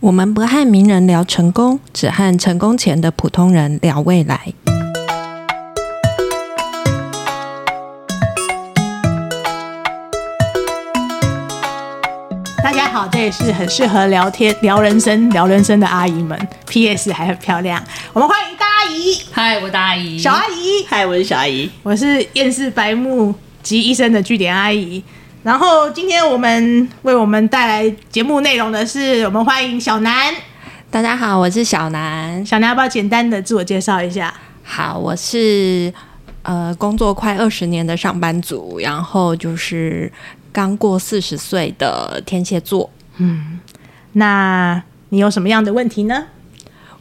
我們不和名人聊成功，只和成功前的普通人聊未來。大家好，這是很適合聊天、聊人生、聊人生的阿姨們。P.S. 還很漂亮。我們歡迎大阿姨，嗨，我是大阿姨；小阿姨，嗨，我是小阿姨。我是厭世白目集醫生的句點阿姨。然後，今天我們為我們帶來節目內容的是我們歡迎小南。大家好，我是小南。小南，要不要簡單的自我介紹一下？好，我是呃，工作快二十年的上班族，然後就是剛過四十歲的天蠍座。嗯，那你有什麼樣的問題呢？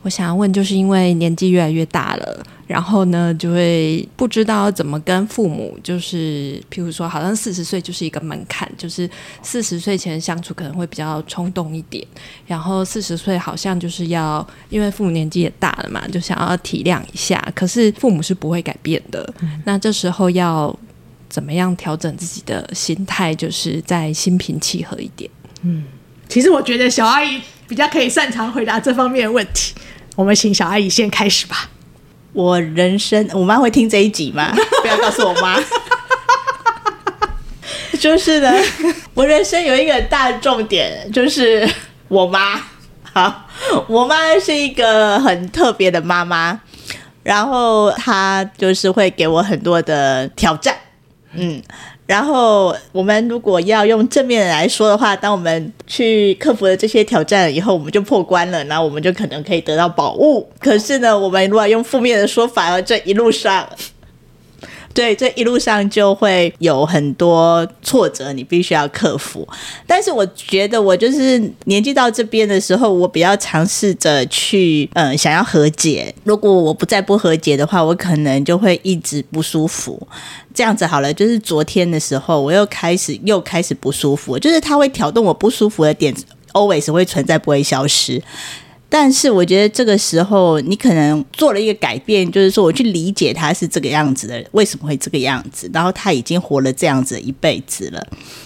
我想要問，就是因為年紀越來越大了，然後呢，就會不知道怎麼跟父母。就是，譬如說，好像四十歲就是一個門檻，就是四十歲前相處可能會比較衝動一點，然後四十歲好像就是要，因為父母年紀也大了嘛，就想要體諒一下。可是父母是不會改變的，嗯、那這時候要怎麼樣調整自己的心態，就是再心平氣和一點。嗯，其實我覺得小阿姨比較可以擅長回答這方面的問題。.我們請小阿姨先開始吧。我人生，我媽會聽這一集嗎？不要告訴我媽。 就是呢，我人生有一個大重點，就是我媽。好，我媽是一個很特別的媽媽，然後她就是會給我很多的挑戰。嗯。然後我們如果要用正面來說的話，當我們去克服了這些挑戰以後，我們就破關了，然後我們就可能可以得到寶物。可是呢，我們如果用負面的說法，而這一路上。所以這一路上就會有很多挫折，你必須要克服。但是我覺得，我就是年紀到這邊的時候，我比較嘗試着去，嗯，想要和解。如果我不再不和解的話，我可能就會一直不舒服。這樣子好了，就是昨天的時候，我又開始又開始不舒服，就是他會挑動我不舒服的點，always 會存在，不會消失。但是我覺得這個時候，你可能做了一個改變，就是說我去理解他是這個樣子的，為什麼會這個樣子？然後他已經活了這樣子一輩子了，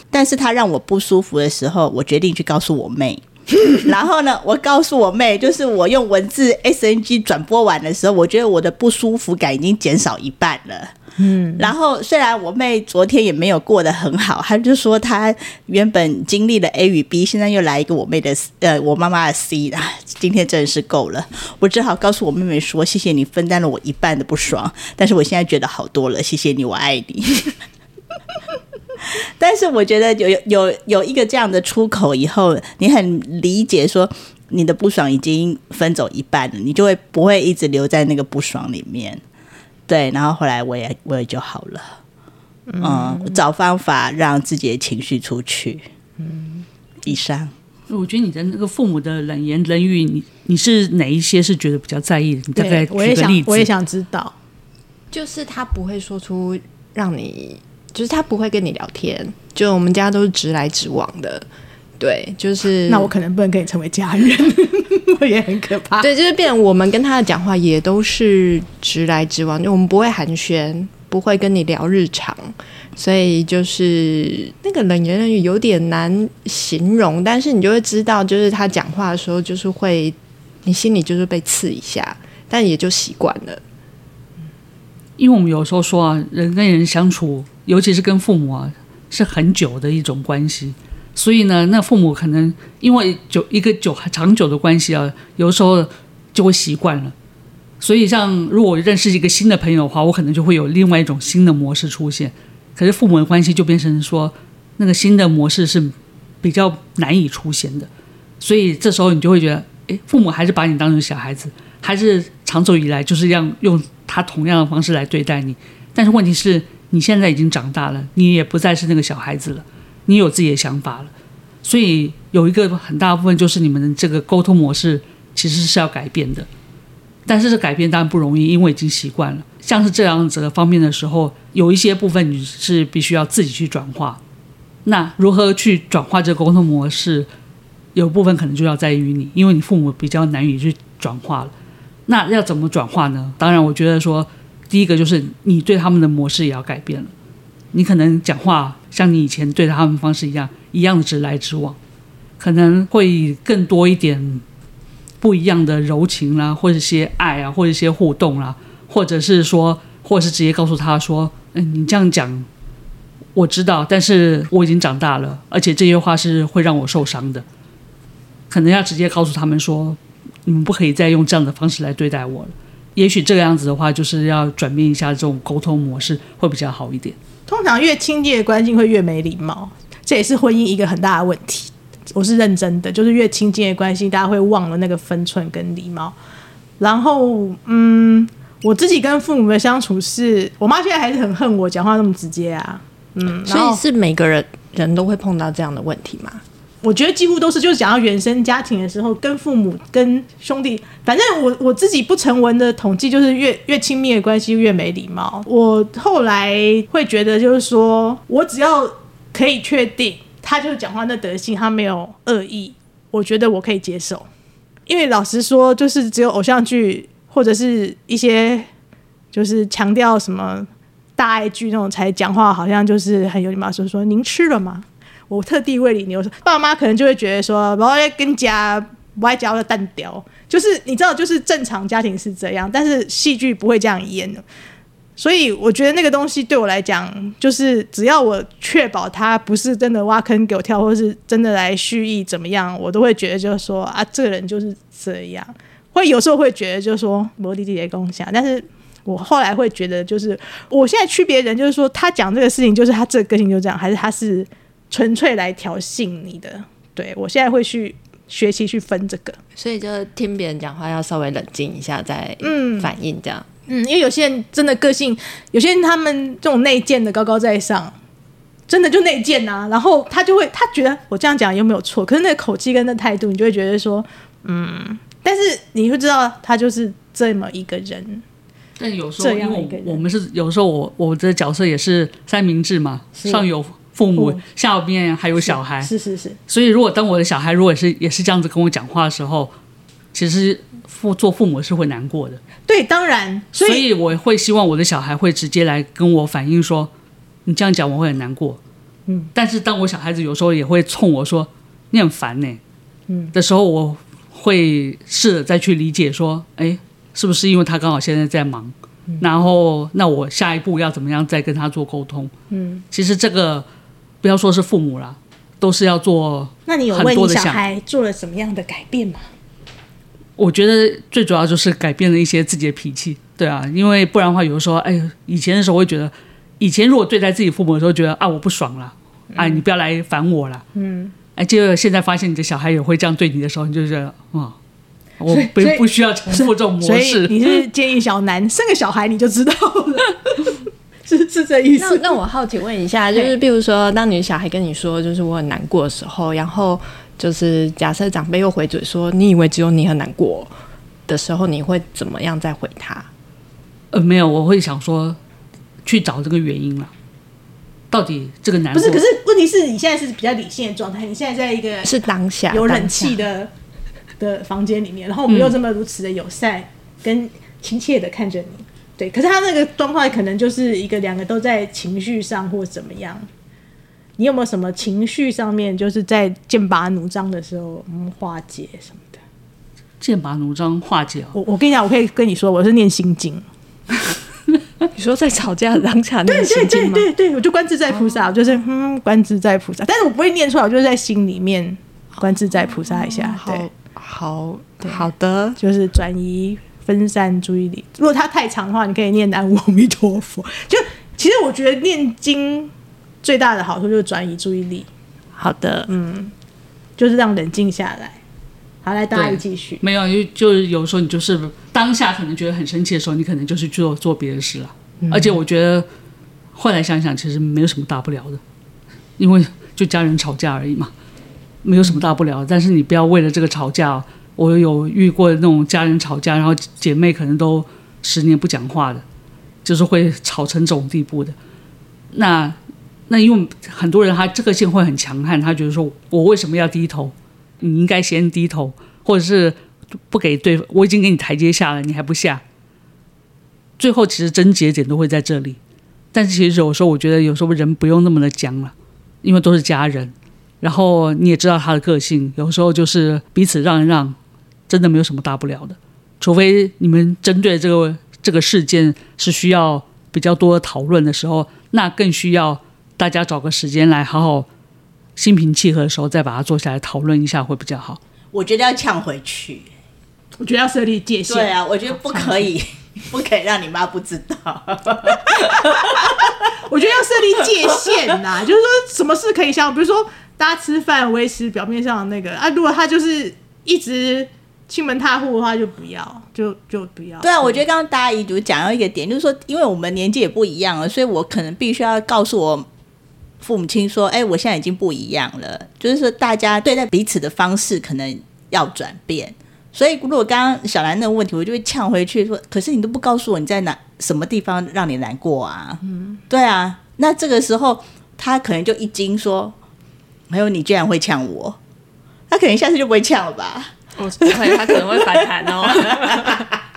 但是他讓我不舒服的時候，我決定去告訴我妹。 然後呢，我告訴我妹，就是我用文字 SNG 轉播完的時候，我覺得我的不舒服感已經減少一半了。嗯，然後雖然我妹昨天也沒有過得很好，她就說她原本經歷了 A 與 B，現在又來一個我妹的 C，呃，我媽媽的 C 啦，今天真是夠了。我只好告訴我妹妹說：“謝謝你分擔了我一半的不爽。”但是我現在覺得好多了，謝謝你，我愛你。 但是我覺得有有有一個這樣的出口以後，你很理解說你的不爽已經分走一半了，你就會不會一直留在那個不爽裡面。對，然後後來我也我也就好了，嗯，嗯，找方法讓自己的情緒出去，嗯，以上。我覺得你的那個父母的冷言冷語，你你是哪一些是覺得比較在意的？你大概舉個例子。對，我也想，我也想知道。就是他不會說出讓你，就是他不會跟你聊天，就我們家都是直來直往的。對，就是那我可能不能跟你成為家人， 我也很可怕。對，就是變成我們跟他的講話也都是直來直往，就我們不會寒暄，不會跟你聊日常，所以就是那個冷言冷語有點難形容，但是你就會知道，就是他講話的時候就是會，你心裡就是被刺一下，但也就習慣了。因為我們有時候說啊，人跟人相處，尤其是跟父母啊，是很久的一種關係。所以呢，那父母可能因為久一個久長久的關係啊，有時候就會習慣了。所以，像如果認識一個新的朋友的話，我可能就會有另外一種新的模式出現。可是，父母的關係就變成說，那個新的模式是比較難以出現的。所以，這時候你就會覺得，哎，父母還是把你當成小孩子，還是長久以來就是讓用他同樣的方式來對待你。但是，問題是你現在已經長大了，你也不再是那個小孩子了。你有自己的想法了，所以有一個很大部分就是你們的這個溝通模式其實是要改變的，但是這改變當然不容易，因為已經習慣了。像是這樣子的方面的時候，有一些部分你是必須要自己去轉化。那如何去轉化這個溝通模式？有部分可能就要在於你，因為你父母比較難以去轉化了。那要怎麼轉化呢？當然，我覺得說第一個就是你對他們的模式也要改變了。你可能講話像你以前對他們方式一樣，一樣直來直往，可能會更多一點不一樣的柔情啦、啊，或者一些愛啊，或者一些互動啦、啊，或者是說，或者是直接告訴他說：“嗯，你這樣講，我知道，但是我已經長大了，而且這些話是會讓我受傷的。可能要直接告訴他們說：‘你們不可以再用這樣的方式來對待我了。’也許這個樣子的話，就是要轉變一下這種溝通模式，會比較好一點。”通常越親近的關係會越沒禮貌，這也是婚姻一個很大的問題。我是認真的，就是越親近的關係，大家會忘了那個分寸跟禮貌。然後，嗯，我自己跟父母的相處是，我媽現在還是很恨我講話那麼直接啊。嗯，所以是每個人人都會碰到這樣的問題嗎？我覺得幾乎都是，就是講到原生家庭的時候，跟父母、跟兄弟，反正我我自己不成文的統計就是越越親密的關係越沒禮貌。我後來會覺得就是說，我只要可以確定他就是講話那德性，他沒有惡意，我覺得我可以接受。因為老實說，就是只有偶像劇或者是一些就是強調什麼大愛劇那種才講話，好像就是很有禮貌的說，說說您吃了嗎？我特地為理你牛說，爸媽可能就會覺得說，不要跟家不愛家的蛋雕，就是你知道，就是正常家庭是這樣，但是戲劇不會這樣演的。所以我覺得那個東西對我來講，就是只要我確保他不是真的挖坑給我跳，或是真的來蓄意怎麼樣，我都會覺得就是說啊，這個人就是這樣。會有時候會覺得就是說，我弟弟也跟我講，但是我後來會覺得，就是我現在區別人，就是說他講這個事情，就是他這個個性就這樣，還是他是，純粹來挑釁你的。對，我現在會去學習去分這個，所以就聽別人講話要稍微冷靜一下再嗯反應這樣嗯，嗯，因為有些人真的個性，有些人他們這種內建的高高在上，真的就內建吶，然後他就會他覺得我這樣講有沒有錯，可是那個口氣跟那態度，你就會覺得說嗯，但是你會知道他就是這麼一個人，但有時候這樣一個人，我們是有時候我我的角色也是三明治嘛，是上有。父母下面還有小孩，是是、嗯、是，是是是，所以如果當我的小孩如果也是也是這樣子跟我講話的時候，其實父做父母是會難過的。對，當然，所以，所以我會希望我的小孩會直接來跟我反映說，你這樣講我會很難過。嗯，但是當我小孩子有時候也會衝我說你很煩呢、欸，嗯的時候，我會試着再去理解說，哎、欸，是不是因為他剛好現在在忙，嗯、然後那我下一步要怎麼樣再跟他做溝通？嗯，其實這個。不要說是父母了，都是要做。那你有問你小孩做了什麼樣的改變嗎？我覺得最主要就是改變了一些自己的脾氣，對啊，因為不然的話，有的時候，哎、欸，以前的時候會覺得，以前如果對待自己父母的時候覺得啊，我不爽了，嗯、啊你不要來煩我了，嗯，哎、欸，結果現在發現你的小孩也會這樣對你的時候，你就覺得啊，嗯、所以我不不需要重複這種模式。你是建議小南生個小孩你就知道了。 是 是這意思。那那我好奇問一下，就是比如說，當你的小孩跟你說“就是我很難過”的時候，然後就是假設長輩又回嘴說“你以為只有你很難過”的時候，你會怎麼樣再回他？呃，沒有，我會想說去找這個原因了。到底這個難過？不是，可是問題是你現在是比較理性的狀態，你現在在一個是當下有冷氣的的房間裡面，然後我們又這麼如此的友善、嗯、跟親切的看着你。對，可是他那個狀況可能就是一個、兩個都在情緒上或怎麼樣。你有沒有什麼情緒上面就是在劍拔弩張的時候、嗯、化解什麼的？劍拔弩張化解、喔，我我跟你講，我可以跟你說，我是念心經。 你說在吵架當下念心經嗎？對對對對，我就觀自在菩薩，啊、我就是嗯、觀自在菩薩，但是我不會念出來，我就是在心裡面觀自在菩薩一下對、嗯，好，好好的，就是轉移。分散注意力。如果它太長的話，你可以念南無阿彌陀佛。就其實我覺得念經最大的好處就是轉移注意力。好的，嗯，就是讓冷靜下來。好，來大家繼續。沒有，因為就是有時候你就是當下可能覺得很生氣的時候，你可能就是去做做別的事了、啊。嗯、而且我覺得後來想想，其實沒有什麼大不了的，因為就家人吵架而已嘛，沒有什麼大不了。嗯、但是你不要為了這個吵架、喔。我有遇過那種家人吵架，然後姐妹可能都十年不講話的，就是會吵成這種地步的。那那因為很多人他這個性會很強悍，他覺得說我為什麼要低頭？你應該先低頭，或者是不給對方，我已經給你台階下了，你還不下。最後其實癥結點都會在這裡，但是其實有時候我覺得有時候人不用那麼的僵了，因為都是家人，然後你也知道他的個性，有時候就是彼此讓一讓。真的沒有什麼大不了的，除非你們針對這個這個事件是需要比較多討論的時候，那更需要大家找個時間來好好心平氣和的時候再把它坐下來討論一下會比較好。我覺得要嗆回去、欸，我覺得要設立界限。對啊，我覺得不可以，啊、不可以讓你媽不知道。 我覺得要設立界限吶、啊，就是說什麼事可以像比如說大家吃飯，維持表面上的那個啊，如果他就是一直。親門踏戶的話就不要，就就不要。對啊，嗯、我覺得剛剛大阿姨就講到一個點，就是說，因為我們年紀也不一樣了，所以我可能必須要告訴我父母親說，哎、欸，我現在已經不一樣了，就是說大家對待彼此的方式可能要轉變。所以如果剛剛小南那個問題，我就會嗆回去說，可是你都不告訴我你在哪什麼地方，讓你難過啊？嗯，對啊。那這個時候他可能就一驚說，沒、欸、有，你居然會嗆我，他可能下次就不會嗆了吧？不會，他可能會反彈哦。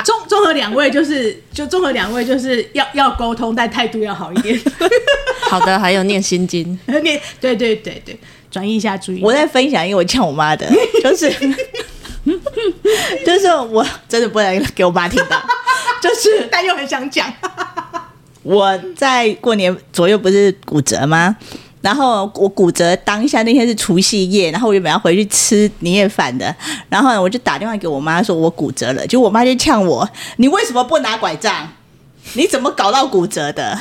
綜綜合兩位就是，就綜合兩位就是要要溝通，但態度要好一點。 好的，還有念心經， 念對對對對，轉移一下注意。我再分享，因為我欠我媽的，就是， 就是我真的不能給我媽聽到， 就是，但又很想講。 我在過年左右不是骨折嗎？然後我骨折當下那天是除夕夜，然後我原本要回去吃年夜飯的，然後我就打電話給我媽說，我骨折了，就我媽就嗆我，你為什麼不拿拐杖？你怎麼搞到骨折的？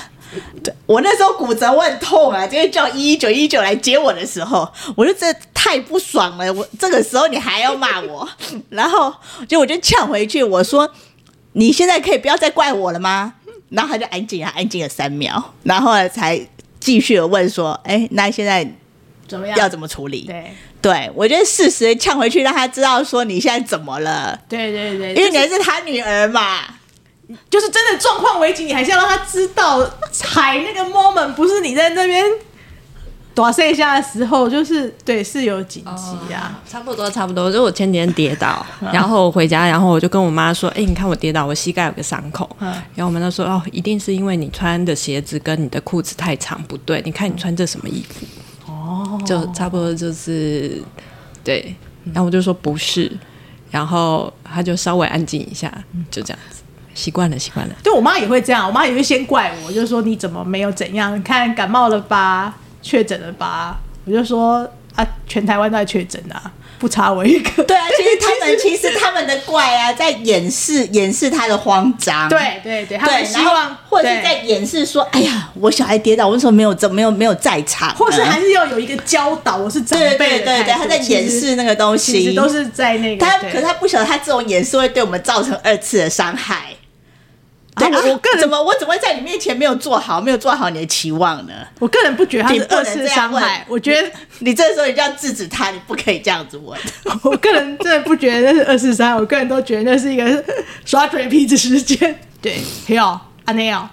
對，我那時候骨折我很痛啊，就是叫一一九一九來接我的時候，我就真的太不爽了，我這個時候你還要罵我， 然後就我就嗆回去，我說你現在可以不要再怪我了嗎？然後他就安靜了，安靜了三秒，然後才。繼續問說：“哎，那現在怎麼樣？要怎麼處理？”對對，我覺得適時嗆回去，讓他知道說你現在怎麼了。對對對，因為你是他女兒嘛，是就是真的狀況危急，你還是要讓他知道，踩那個 moment 不是你在那邊。 躲剩下的時候，就是對，是有緊急啊、哦，差不多差不多。就我前幾天跌倒， 然後回家，然後我就跟我媽說：“哎、欸，你看我跌倒，我膝蓋有個傷口。嗯”然後我媽就說：“哦，一定是因為你穿的鞋子跟你的褲子太長，不對。你看你穿這什麼衣服？”哦，就差不多就是對。然後我就說不是，然後她就稍微安靜一下，就這樣子，習慣了習慣了。了對我媽也會這樣，我媽也會先怪我，就說：“你怎麼沒有怎樣？你看感冒了吧？”確診了吧？我就說啊，全台灣都在確診啊，不差我一個。對啊，其實他們 其實他們的怪啊，在掩飾掩飾他的慌張。對對對，他在希望或者是在掩飾說，哎呀，我小孩跌倒，我為什麼沒有怎麼沒有沒有在場啊？或是還是要有一個教導，我是長輩的態度。對對對對，他在掩飾那個東西其，其實都是在那個。他對對可是他不曉得，他這種掩飾會對我們造成二次的傷害。我個人怎麼我怎麼會在你面前沒有做好，沒有做好你的期望呢？我個人不覺得他是二次傷害，我覺得你這時候一定要制止他，你不可以這樣子問。我個人真的不覺得那是二次傷害。我個人都覺得那是一個耍嘴皮子時間。對，還有啊，那樣，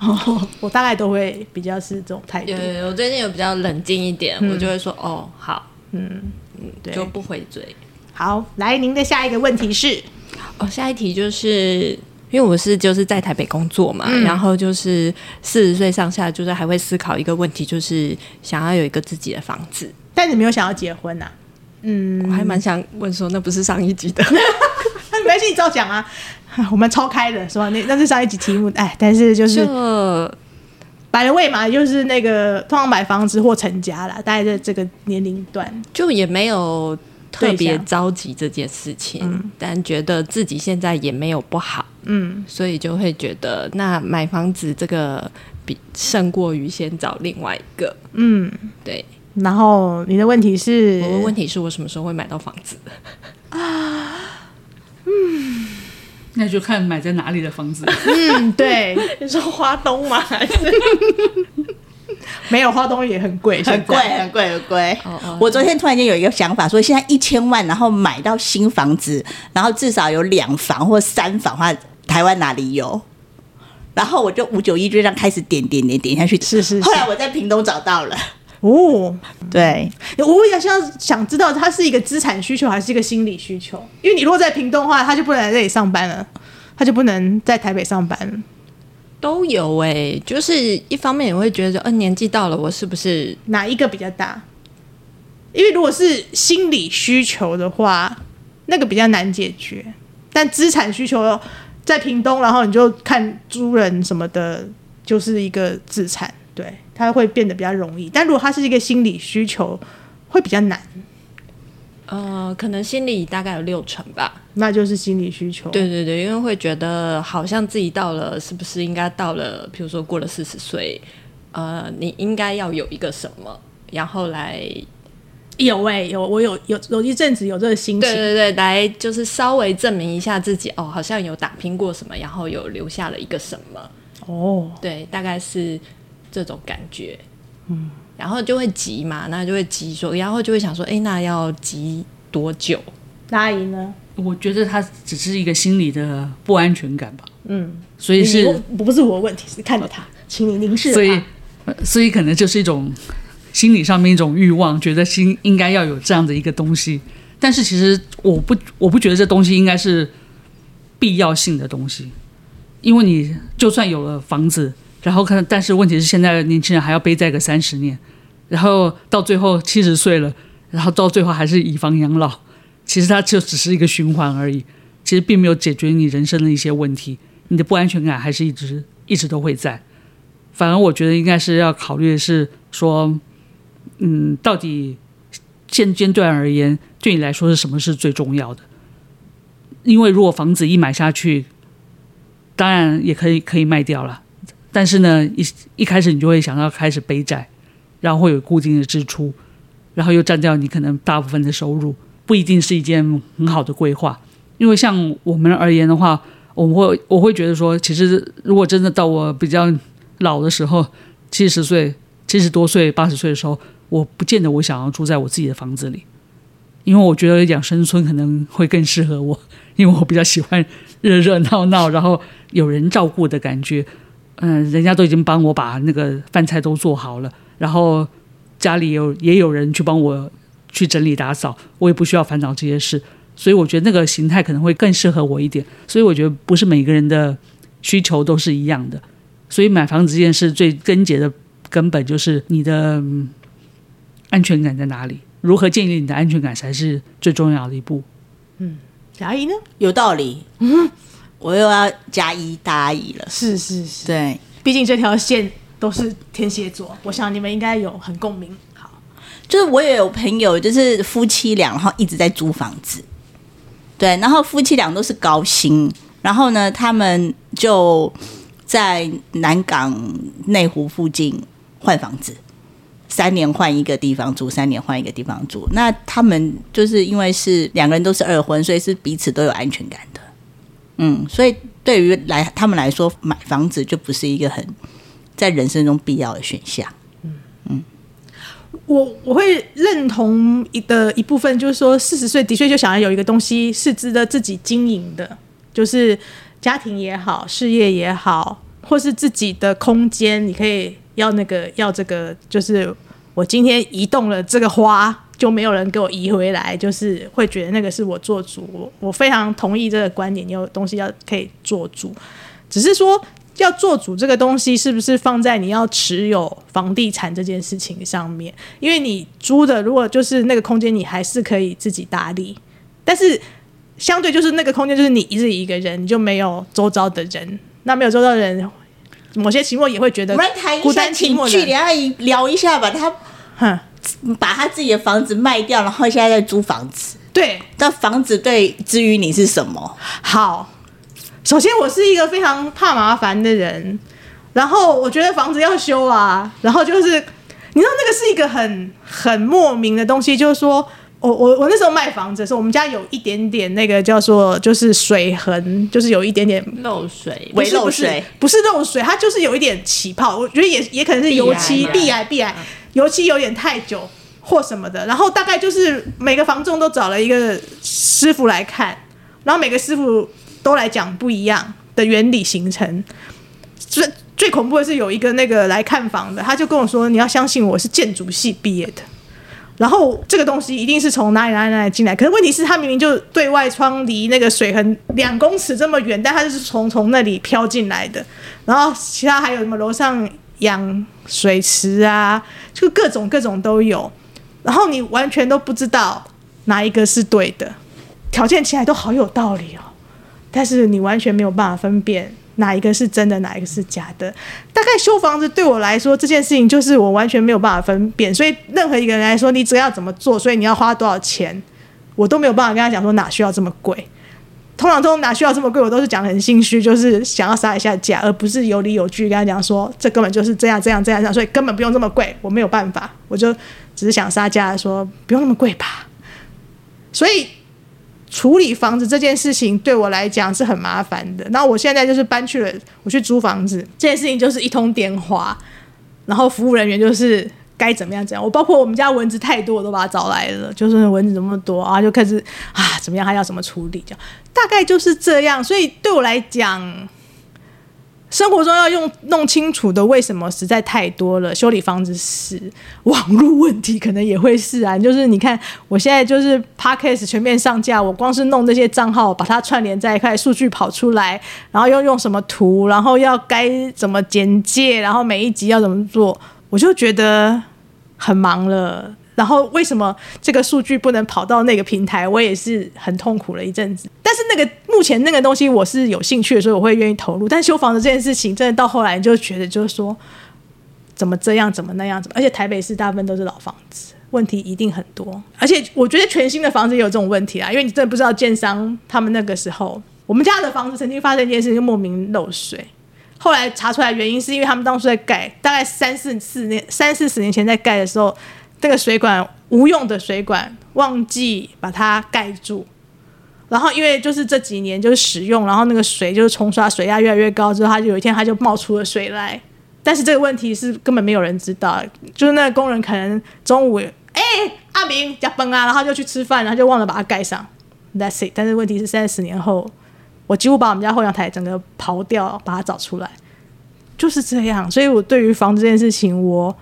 我大概都會比較是這種態度。我最近有比較冷靜一點，我就會說哦，好，嗯嗯，就不回嘴。好，來您的下一個問題是，哦，下一題就是。因為我是就是在台北工作嘛，嗯、然後就是四十歲上下，就是還會思考一個問題，就是想要有一個自己的房子，但你沒有想要結婚啊。嗯，我還蠻想問說，那不是上一集的， 沒關係，你照講啊， 我們超開的是吧？那那是上一集題目，哎，但是就是 by the way 嘛，就是那個通常買房子或成家啦，大概在這個年齡段，就也沒有特別着急這件事情，嗯、但覺得自己現在也沒有不好。嗯，所以就會覺得那買房子這個比勝過於先找另外一個。嗯，對。然後你的問題是？我的問題是我什麼時候會買到房子啊？嗯，那就看買在哪裡的房子。嗯，對。你說花東嗎？還是沒有，花東也很貴，很貴，很貴，很貴。我昨天突然間有一個想法，說現在一千萬，然後買到新房子，然後至少有兩房或三房的話。台灣哪裡有？然後我就五九一就這樣開始點點點點下去。是是，是。後來我在屏東找到了。哦，對，我也在現想知道，它是一個資產需求還是一個心理需求？因為你如果在屏東的話，他就不能來這裡上班了，他就不能在台北上班了。都有誒、欸，就是一方面也會覺得，嗯、呃，年紀到了，我是不是哪一個比較大？因為如果是心理需求的話，那個比較難解決，但資產需求。在屏東，然後你就看豬人什麼的，就是一個資產，對它會變得比較容易。但如果它是一個心理需求，會比較難。呃，可能心理大概有六成吧，那就是心理需求。對對對，因為會覺得好像自己到了，是不是應該到了？譬如說過了四十歲，呃，你應該要有一個什麼，然後來。有哎、欸，有我有有有一陣子有這個心情，對對對，來就是稍微證明一下自己哦，好像有打拼過什麼，然後有留下了一個什麼哦，對，大概是這種感覺，嗯，然後就會急嘛，那就會急說，然後就會想說，哎，那要急多久？那阿姨呢？我覺得她只是一個心理的不安全感吧，嗯，所以是不，不是我的問題是看着她。請你凝視、啊，所以所以可能就是一種。心理上面一種慾望，覺得心應該要有這樣的一個東西，但是其實我不我不覺得這東西應該是必要性的東西，因為你就算有了房子，然後看，但是問題是現在的年輕人還要背債個三十年，然後到最後七十歲了，然後到最後還是以房養老，其實它就只是一個循環而已，其實並沒有解決你人生的一些問題，你的不安全感還是一直一直都會在，反而我覺得應該是要考慮的是說。嗯，到底現現階段而言，對你來說是什麼是最重要的？因為如果房子一買下去，當然也可以可以賣掉了，但是呢，一一開始你就會想要開始背債，然後會有固定的支出，然後又佔掉你可能大部分的收入，不一定是一件很好的規劃。因為像我們而言的話，我會我會覺得說，其實如果真的到我比較老的時候，七十歲、七十多歲、八十歲的時候。我不見得我想要住在我自己的房子裡，因為我覺得養生村可能會更適合我，因為我比較喜歡熱熱鬧鬧，然後有人照顧的感覺。嗯，人家都已經幫我把那個飯菜都做好了，然後家裡有也有人去幫我去整理打掃，我也不需要煩惱這些事。所以我覺得那個形態可能會更適合我一點。所以我覺得不是每個人的需求都是一樣的。所以買房子這件事最根結的根本就是你的安全感在哪裡？如何建立你的安全感才是最重要的一步。嗯，甲乙呢？有道理。嗯哼，我又要加一答乙了。是是是，對，畢竟這條線都是天蠍座，我想你們應該有很共鳴。好，就是我也有朋友，就是夫妻倆，然後一直在租房子。對，然後夫妻倆都是高薪，然後呢，他們就在南港內湖附近換房子。三年換一個地方住，三年換一個地方住。那他們就是因為是兩個人都是二婚，所以是彼此都有安全感的。嗯，所以對於來他們來說，買房子就不是一個很在人生中必要的選項。嗯，我我會認同一的一部分，就是說四十歲的確就想要有一個東西是值得自己經營的，就是家庭也好，事業也好，或是自己的空間，你可以。要那個要這個，就是我今天移動了這個花，就沒有人給我移回來，就是會覺得那個是我做主。我我非常同意這個觀點，你有東西要可以做主，只是說要做主這個東西是不是放在你要持有房地產這件事情上面？因為你租的，如果就是那個空間，你還是可以自己打理，但是相對就是那個空間，就是你一日一個人，你就沒有周遭的人，那沒有周遭的人。某些情況也會覺得，不然談一下情寞去，梁阿姨聊一下吧，他，哼，把他自己的房子賣掉，然後現在在租房子。對，那房子對之於你是什麼？好，首先我是一個非常怕麻煩的人，然後我覺得房子要修啊，然後就是你知道那個是一個很很莫名的東西，就是說。我我我那時候賣房子的時候，我們家有一點點那個叫做，就是水痕，就是有一點點漏水，不是不是不是漏水，它就是有一點起泡。我覺得也也可能是油漆，壁癌壁癌，油漆有點太久，點太久或什麼的。然後大概就是每個房仲都找了一個師傅來看，然後每個師傅都來講不一樣的原理形成。最最恐怖的是有一個那個來看房的，他就跟我說：“你要相信我是建築系畢業的。”然後這個東西一定是從哪裡哪裡哪裡進來，可是問題是它明明就對外窗離那個水很兩公尺這麼遠，但它就是從從那裡飄進來的。然後其他還有什麼樓上養水池啊，就各種各種都有。然後你完全都不知道哪一個是對的，條件起來都好有道理哦，但是你完全沒有辦法分辨。哪一個是真的，哪一個是假的？大概修房子對我來說這件事情，就是我完全沒有辦法分辨。所以任何一個人來說，你只要怎麼做，所以你要花多少錢，我都沒有辦法跟他講說哪需要這麼貴。通常都哪需要這麼貴，我都是講得很心虛，就是想要殺一下價，而不是有理有據跟他講說這根本就是這樣這樣這樣這樣，所以根本不用這麼貴。我沒有辦法，我就只是想殺價，說不用那麼貴吧。所以。處理房子這件事情對我來講是很麻煩的。那我現在就是搬去了，我去租房子這件事情就是一通電話，然後服務人員就是該怎麼樣怎麼樣。我包括我們家蚊子太多，我都把它找來了，就是蚊子這麼多啊，就開始啊怎麼樣，還要怎麼處理這樣，大概就是這樣。所以對我來講。生活中要用弄清楚的為什麼實在太多了。修理房子是網路問題，可能也會是啊。就是你看，我現在就是 podcast 全面上架，我光是弄這些賬號，把它串聯在一塊，數據跑出來，然後又用什麼圖，然後要該怎麼簡介，然後每一集要怎麼做，我就覺得很忙了。然後為什麼這個數據不能跑到那個平台？我也是很痛苦了一陣子。但是那個目前那個東西我是有興趣的，所以我會願意投入。但修房子這件事情，真的到後來就覺得就是說，怎麼這樣，怎麼那樣，怎麼？而且台北市大部分都是老房子，問題一定很多。而且我覺得全新的房子也有這種問題啊，因為你真的不知道建商他們那個時候。我們家的房子曾經發生一件事情，就莫名漏水，後來查出來的原因是因為他們當初在蓋，大概三四四年，三四十年前在蓋的時候。那個水管無用的水管忘記把它蓋住，然後因為就是這幾年就是使用，然後那個水就是沖刷，水壓越來越高之後，它就有一天它就冒出了水來。但是這個問題是根本沒有人知道，就是那個工人可能中午哎、欸、阿明加崩啊，然後就去吃飯，然後就忘了把它蓋上。That's it。但是問題是三十年後，我幾乎把我們家後陽台整個刨掉，把它找出來，就是這樣。所以我對於房子這件事情，我。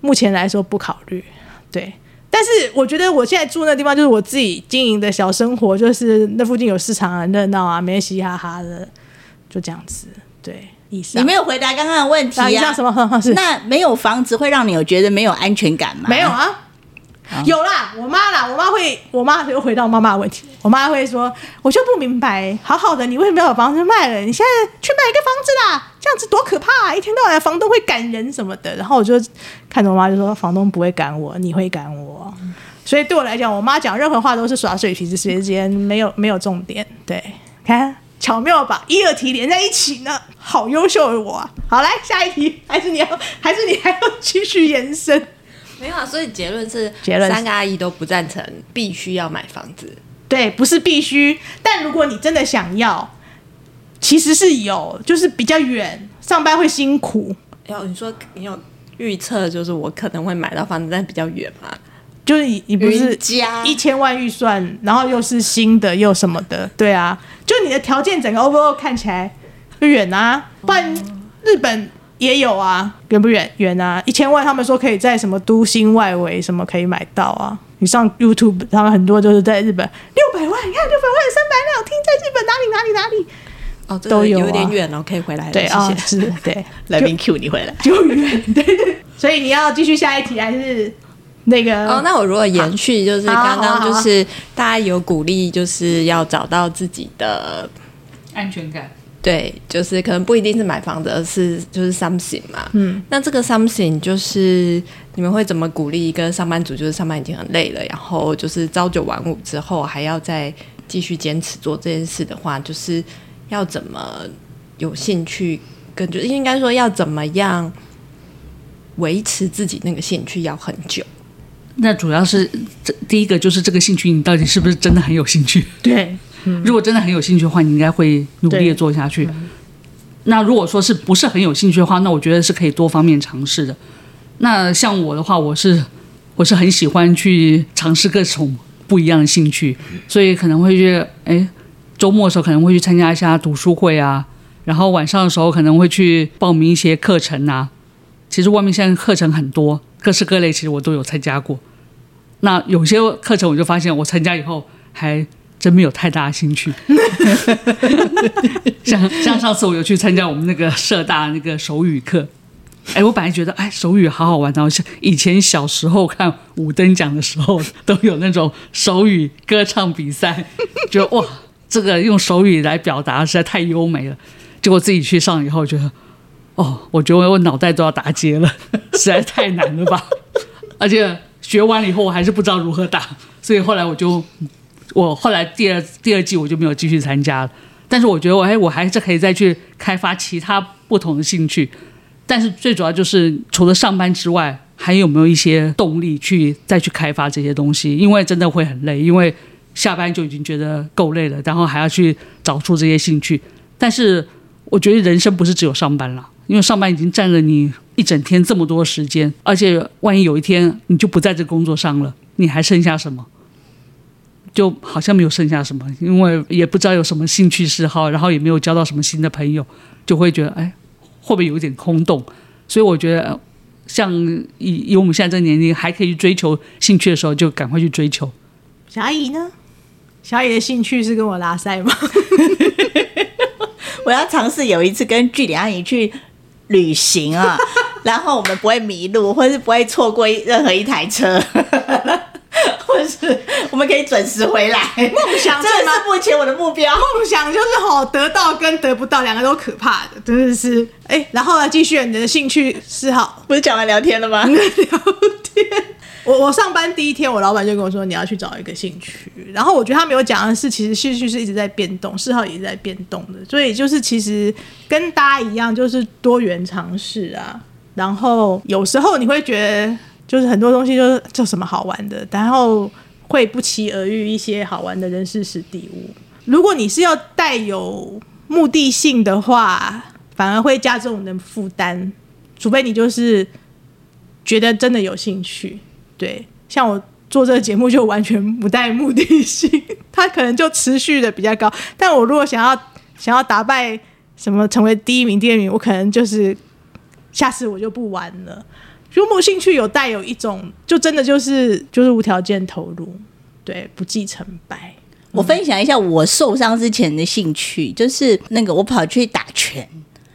目前來說不考慮，對。但是我覺得我現在住那地方就是我自己經營的小生活，就是那附近有市場啊，熱鬧啊，沒嘻嘻哈哈的，就這樣子。對，你沒有回答剛剛的問題啊、什麼？啊、是。那沒有房子會讓你有覺得沒有安全感嗎？沒有啊。啊、有啦，我媽啦，我媽會，我媽又回到媽媽的問題，我媽會說，我就不明白，好好的，你為什麼要把房子賣了？你現在去賣一個房子啦，這樣子多可怕！啊，一天到晚房東會趕人什麼的，然後我就看着我媽就說，房東不會趕我，你會趕我，所以對我來講，我媽講任何話都是耍嘴皮子時間，沒有沒有重點。對，看巧妙把一、二題連在一起呢，好優秀的我，啊，好，來下一題，還是你要，還是你還要繼續延伸。沒有、啊，所以結論是結論，三個阿姨都不贊成必須要買房子。對，不是必須，但如果你真的想要，其實是有，就是比較遠，上班會辛苦。然後、哎呦、你說你有預測，就是我可能會買到房子，但比較遠嘛，就是你不是加一千萬預算，然後又是新的，又什麼的，對啊，就你的條件整個 overall 看起來遠啊，不然日本。嗯也有啊，遠不遠？遠啊，一千萬，他們說可以在什麼都心外圍什麼可以買到啊？你上 YouTube，他們很多都是在日本六百萬，你看六百萬三百萬聽在日本哪裡哪裡哪裡哦，對都有、啊、有點遠哦，可以回來對啊謝、哦，是的，對，就來賓 Q 你回來，就遠對，所以你要繼續下一題還是那個哦？那我如果延續，就是剛剛就是大家有鼓勵，就是要找到自己的安全感。對，就是可能不一定是買房子，而是就是 something 嘛。嗯，那這個 something 就是你們會怎麼鼓勵一個上班族，就是上班已經很累了，然後就是朝九晚五之後還要再繼續堅持做這件事的話，就是要怎麼有興趣，跟就是、應該說要怎麼樣維持自己那個興趣要很久。那主要是這第一個就是這個興趣，你到底是不是真的很有興趣？對。如果真的很有興趣的話，你應該會努力的做下去。嗯、那如果說是不是很有興趣的話，那我覺得是可以多方面嘗試的。那像我的話，我是我是很喜歡去嘗試各種不一樣的興趣，所以可能會去哎，周末的時候可能會去參加一下讀書會啊，然後晚上的時候可能會去報名一些課程啊。其實外面現在課程很多，各式各類，其實我都有參加過。那有些課程我就發現，我參加以後還。真沒有太大興趣。 像像上次我有去參加我們那個社大那個手語課，哎，我本來覺得哎手語好好玩啊，然後像以前小時候看五燈獎的時候都有那種手語歌唱比賽，覺得哇這個用手語來表達實在太優美了，結果自己去上以後覺得哦，我覺得我腦袋都要打結了，實在太難了吧， 而且學完了以後我還是不知道如何打，所以後來我就，我後來第二第二季我就沒有繼續參加了，但是我覺得我哎我還是可以再去開發其他不同的興趣，但是最主要就是除了上班之外，還有沒有一些動力去再去開發這些東西，因為真的會很累，因為下班就已經覺得夠累了，然後還要去找出這些興趣。但是我覺得人生不是只有上班啦，因為上班已經占了你一整天這麼多時間，而且萬一有一天你就不在這工作上了，你還剩下什麼？就好像沒有剩下什麼，因為也不知道有什麼興趣嗜好，然後也沒有交到什麼新的朋友，就會覺得哎，會不會有一點空洞？所以我覺得，像以以我們現在這個年齡還可以去追求興趣的時候，就趕快去追求。小阿姨呢？小阿姨的興趣是跟我拉塞嗎？ 我要嘗試有一次跟句點阿姨去旅行啊， 然後我們不會迷路，或是不會錯過任何一台車。 我們可以準時回來。夢想真的是目前我的目標。夢想就是好得到跟得不到兩個都可怕的，真、就、的是哎、欸。然後呢，繼續你的興趣嗜好，號不是講完聊天了嗎？聊天。我我上班第一天，我老板就跟我說，你要去找一個興趣。然後我覺得他沒有講的是，其實興趣是一直在變動，嗜好也是在變動的。所以就是其實跟大家一樣，就是多元嘗試啊。然後有時候你會覺得，就是很多東西就是做什麼好玩的，然後。會不期而遇一些好玩的人事時地物。如果你是要帶有目的性的話，反而會加重你的負擔，除非你就是覺得真的有興趣。對，像我做這個節目就完全不帶目的性，它可能就持續的比較高。但我如果想要想要打敗什麼成為第一名、第二名，我可能就是下次我就不玩了。就某興趣有帶有一種，就真的就是就是無條件投入，對，不計成敗。我分享一下我受傷之前的興趣，就是那個我跑去打拳，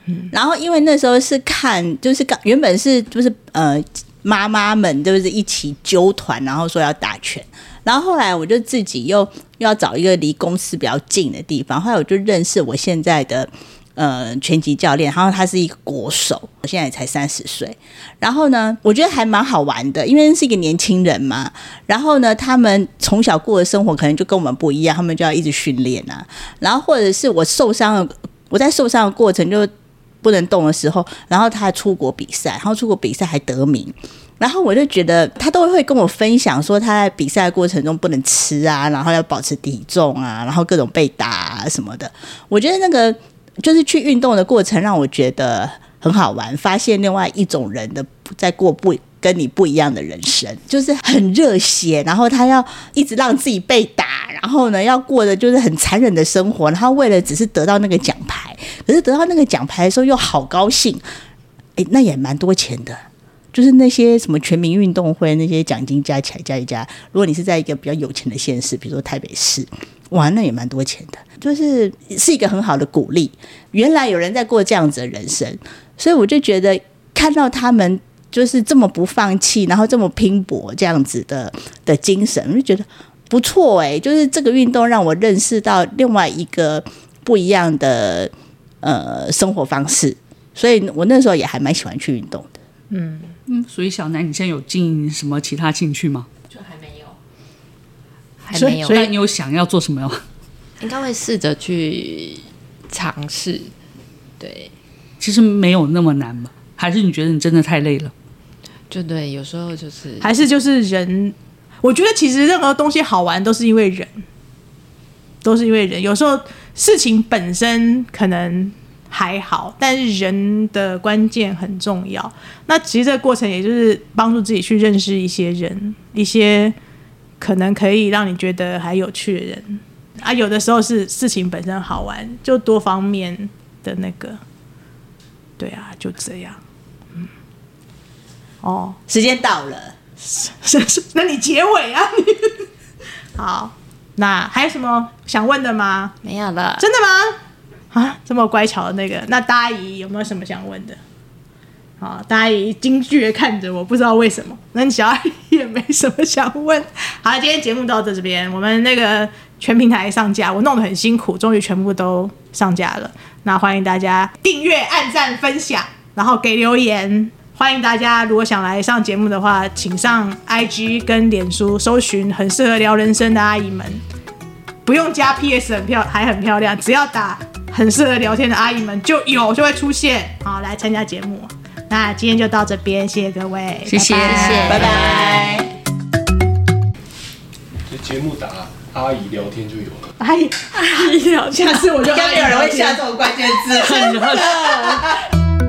嗯，然後因為那時候是看，就是剛原本是就是呃媽媽們就是一起揪團，然後說要打拳，然後後來我就自己又又要找一個離公司比較近的地方，後來我就認識我現在的。呃，拳擊教練，然後他是一個國手，我現在也才三十歲。然後呢，我覺得還蠻好玩的，因為是一個年輕人嘛。然後呢，他們從小過的生活可能就跟我們不一樣，他們就要一直訓練啊。然後或者是我受傷了，我在受傷的過程就不能動的時候，然後他出國比賽，然後出國比賽還得名。然後我就覺得他都會跟我分享說他在比賽過程中不能吃啊，然後要保持體重啊，然後各種被打啊什麼的。我覺得那個。就是去運動的過程讓我覺得很好玩，發現另外一種人的在過不跟你不一樣的人生，就是很熱血，然後他要一直讓自己被打，然後呢，要過的就是很殘忍的生活，然後為了只是得到那個獎牌，可是得到那個獎牌的時候又好高興，誒、欸，那也蠻多錢的，就是那些什麼全民運動會那些獎金加起來加一加，如果你是在一個比較有錢的縣市，比如說台北市。玩了也蠻多錢的，就是是一個很好的鼓勵。原來有人在過這樣子的人生，所以我就覺得看到他們就是這麼不放棄，然後這麼拼搏這樣子的的精神，我就覺得不錯哎、欸。就是這個運動讓我認識到另外一個不一樣的呃生活方式，所以我那時候也還蠻喜歡去運動的。嗯嗯，所以小南，你現在有進什麼其他興趣嗎？所以，你有想要做什麼？應該會試着去嘗試。對，其實沒有那麼難吧？還是你覺得你真的太累了？就對，有時候就是，還是就是人。我覺得其實任何東西好玩，都是因為人，都是因為人。有時候事情本身可能還好，但是人的關鍵很重要。那其實這個過程，也就是幫助自己去認識一些人，一些。可能可以讓你覺得還有趣的人啊，有的時候是事情本身好玩，就多方面的那個，對啊，就這樣。嗯，哦，時間到了，是是，是，那你結尾啊？你好，那還有什麼想問的嗎？沒有了，真的嗎？啊，這麼乖巧的那個，那大阿姨有沒有什麼想問的？好，大阿姨驚懼地看着我，不知道為什麼。那你小阿姨也沒什麼想問。好，今天節目到這邊，我們那個全平台上架，我弄得很辛苦，終於全部都上架了。那歡迎大家訂閱、按讚、分享，然後給留言。歡迎大家如果想來上節目的話，請上 IG 跟臉書搜尋很適合聊人生的阿姨們，不用加 PS，很漂還很漂亮，只要打很適合聊天的阿姨們就有，就會出現啊，來參加節目。那今天就到這邊，謝謝各位，謝謝，拜拜，謝謝，拜拜。謝謝，拜拜。節目打阿姨聊天就有了，阿姨阿姨聊，下次我就應該沒有人會下這種關鍵字。